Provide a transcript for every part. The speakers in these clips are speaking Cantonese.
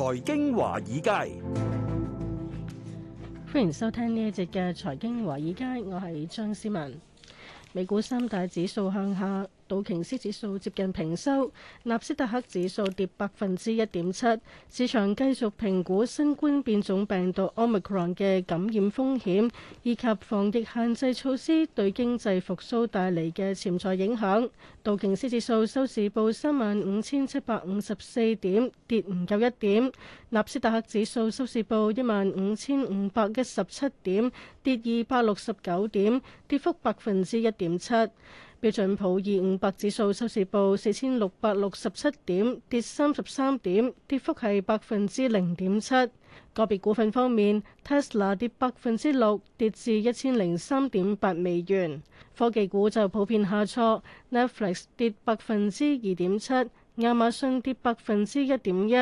財經華爾街，歡迎收聽呢一節嘅財經華爾街，我係張思文。美股三大指數向下。道瓊斯指數接近平收，納斯達克指數跌百分之一點七，市場繼續評估新冠變種病毒 Omicron 嘅感染風險，以及防疫限制措施對經濟復甦帶嚟嘅潛在影響。道瓊斯指數收市報三萬五千七百五十四點，跌唔夠一點；納斯達克指數收市報一萬五千五百一十七點，跌二百六十九點，跌幅百分之一點七。標準普爾五百指數收市報四千六百六十七點，跌三十三點，跌幅係百分之零點七。個別股份方面，Tesla 跌百分之六，跌至一千零三點八美元。科技股就普遍下挫，Netflix 跌百分之二點七，亞馬遜跌百分之一點一，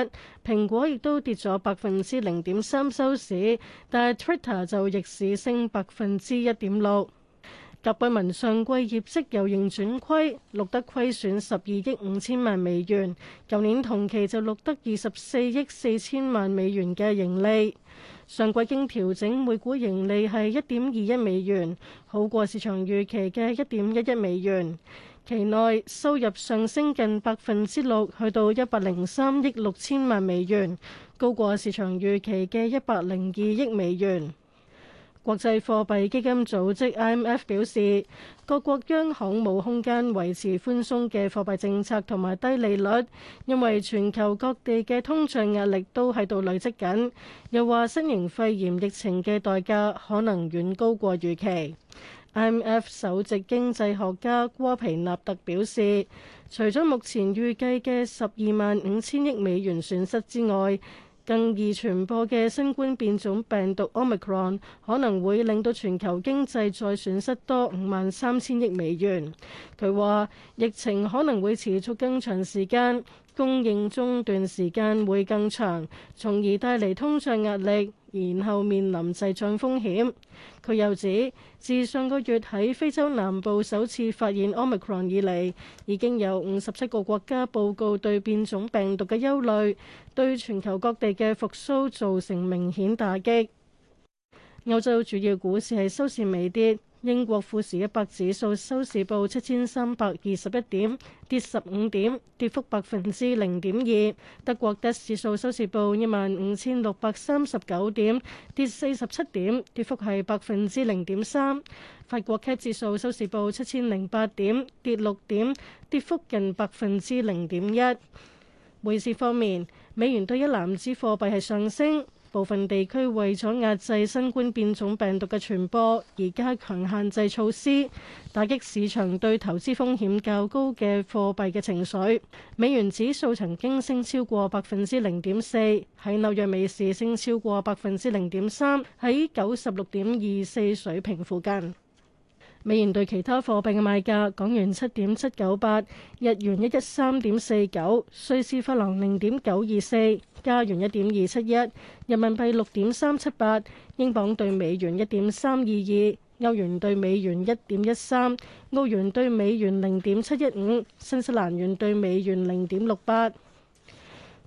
蘋果亦都跌咗百分之零點三收市，但 Twitter 就逆市升百分之一點六。甲骨文上季業績由盈轉虧，錄得虧損十二億五千萬美元，舊年同期就錄得二十四億四千萬美元嘅盈利。上季經調整每股盈利係一點二一美元，好過市場預期嘅一點一一美元。期內收入上升近百分之六，去到一百零三億六千萬美元，高過市場預期嘅一百零二億美元。國際貨幣基金組織 IMF 表示，各國央行冇空間維持寬鬆嘅貨幣政策同埋低利率，因為全球各地嘅通脹壓力都喺度累積緊。又話新型肺炎疫情嘅代價可能遠高過預期。IMF 首席經濟學家郭皮納特表示，除咗目前預計嘅十二萬五千億美元損失之外，更易傳播嘅新冠變種病毒 Omicron 可能會令到全球經濟再損失多五萬三千億美元。佢話疫情可能會持續更長時間，供應中斷時間會更長，從而帶嚟通脹壓力。然後面臨滯脹風險。佢又指，自上個月喺非洲南部首次發現 Omicron 以嚟，已經有五十七個國家報告對變種病毒嘅憂慮，對全球各地嘅復甦造成明顯打擊。歐洲主要股市係收市微跌。英國富時一百指數收市報七千三百二十一點，跌十五點，跌幅百分之零點二。德國 DAX 指數收市報一萬五千六百三十九點，跌四十七點，跌幅係百分之零點三。法國 CAC 指數收市報七千零八點，跌六點，跌幅近百分之零點一。匯市方面，美元對一籃子貨幣係上升。部分地區為咗壓制新冠變種病毒嘅傳播而加強限制措施，打擊市場對投資風險較高嘅貨幣嘅情緒。美元指數曾經升超過百分之零點四，喺紐約美市升超過百分之零點三，喺九十六點二四水平附近。美元兌其他貨幣嘅賣價：港元七點七九八，日元一一三點四九，瑞士法郎零點九二四，加元一點二七一，人民幣六點三七八，英鎊對美元一點三二二，歐元對美元一點一三，澳元對美元零點七一五，新西蘭元對美元零點六八。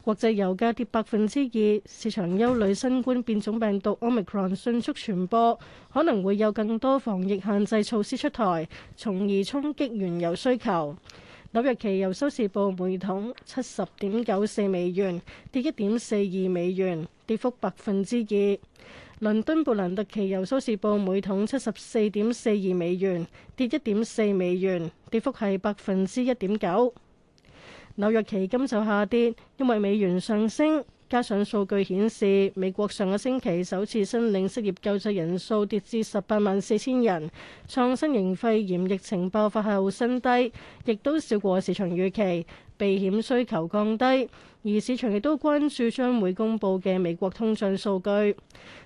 國際油價跌百分之二，市場憂慮新冠變種病毒 Omicron 迅速傳播，可能會有更多防疫限制措施出台，從而衝擊原油需求。紐約期油收市報每桶七十點九四美元，跌一點四二美元，跌幅百分之二。倫敦布蘭特期油收市報每桶七十四點四二美元，跌一點四美元，跌幅係百分之一點九。紐約期金就下跌，因為美元上升。加上數據顯示，美國上個星期首次申領失業救濟人數跌至十八萬四千人，創新型肺炎疫情爆發後新低，亦都少過市場預期。避險需求降低，而市場亦都關注將會公布嘅美國通脹數據。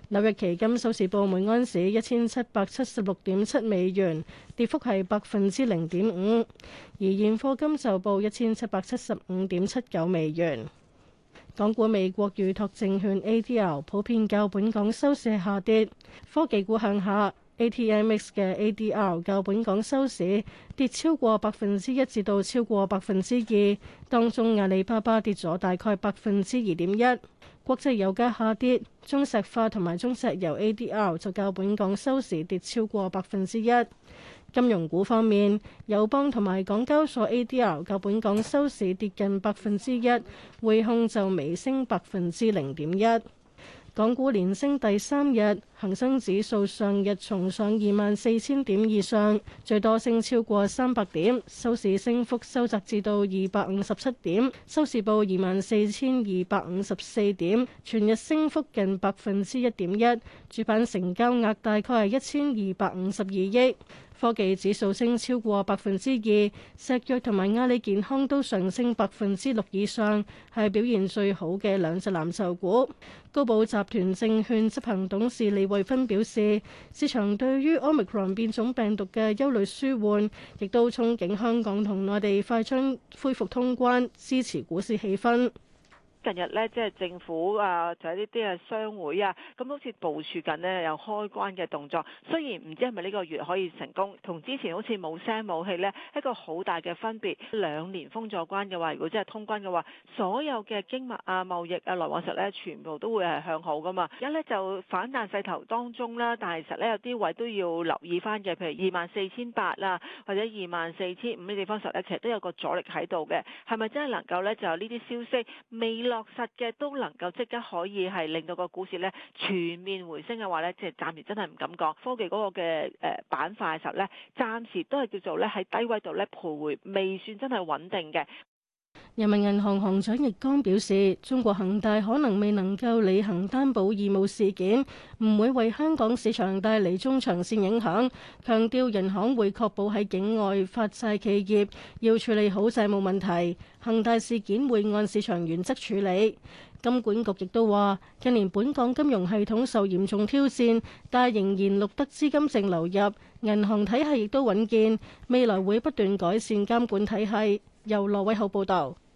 紐約期金收市報每安士一千七百七十六點七美元，跌幅係百分之零點五；而現貨金就報一千七百七十五點七九美元。港股、美國預託證券 A D R 普遍較本港收市下跌，科技股向下。A T M X 嘅 A D R 較本港收市跌超過百分之一至到超過百分之二，當中阿里巴巴跌咗大概百分之二點一。國際油價下跌，中石化同埋中石油 A D R 就較本港收市跌超過百分之一。金融股方面，友邦同埋港交所 ADR 較本港收市跌近百分之一，匯控就微升百分之零點一。港股連升第三日，恒生指數上日重上二萬四千點以上，最多升超過三百點，收市升幅收窄至到二百五十七點，收市報二萬四千二百五十四點，全日升幅近百分之一點一。主板成交額大概係一千二百五十二億。科技指數升超過百分之二，石藥同埋阿里健康都上升百分之六以上，係表現最好嘅兩隻藍籌股。高寶集團證券執行董事李慧芬表示，市場對於 Omicron 變種病毒嘅憂慮舒緩，亦都憧憬香港同內地快將恢復通關，支持股市氣氛。近日咧，即係政府啊，就係呢啲啊商會啊，咁好似部署緊呢有開關嘅動作。雖然唔知係咪呢個月可以成功，同之前好似冇聲冇氣呢，一個好大嘅分別。兩年封咗關嘅話，如果真係通關嘅話，所有嘅經貿啊、貿易啊、來往實呢，全部都會係向好噶嘛。而家咧就反彈勢頭當中啦，但係實呢有啲位都要留意翻嘅，譬如二萬四千八啦，或者二萬四千五呢地方實呢，其實都有個阻力喺度嘅。係咪真係能夠呢？就呢啲消息未來？落實嘅都能夠即刻可以係令到個股市咧全面回升嘅話咧，即係暫時真係唔敢講科技嗰個嘅誒板塊嘅時候咧，暫時都係叫做咧喺低位度咧徘徊，未算真係穩定嘅。人民銀行行長易綱表示，中國恒大可能未能夠履行擔保義務事件，唔會為香港市場帶嚟中長線影響。強調銀行會確保喺境外發債企業要處理好債務問題，恒大事件會按市場原則處理。金管局亦都話，近年本港金融系統受嚴重挑戰，但仍然錄得資金淨流入，銀行體系亦都穩健，未來會不斷改善監管體系。由羅偉浩報道。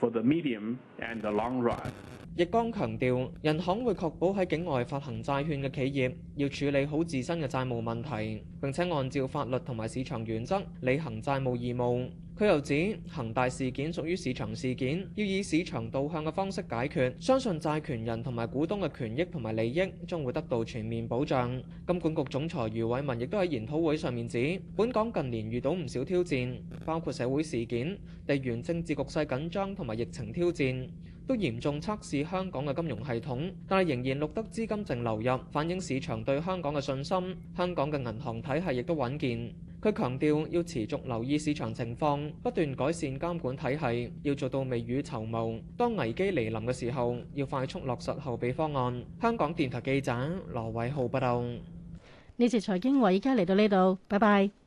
For the medium and the long run，易綱強調，人行會確保喺境外發行債券嘅企業要處理好自身嘅債務問題，並且按照法律同埋市場原則履行債務義務。佢又指恒大事件屬於市場事件，要以市場導向嘅方式解決，相信債權人同埋股東嘅權益同埋利益將會得到全面保障。金管局總裁余偉文亦都喺研討會上面指，本港近年遇到唔少挑戰，包括社會事件、地緣政治局勢緊張同埋疫情挑戰都嚴重測試香港嘅金融系統，但係仍然錄得資金淨流入，反映市場對香港嘅信心。香港嘅銀行體系亦都穩健。佢強調要持續留意市場情況，不斷改善監管體系，要做到未雨綢繆。當危機嚟臨嘅時候，要快速落實後備方案。香港電台記者羅偉浩報道。呢次財經話，依家嚟到呢度，拜拜。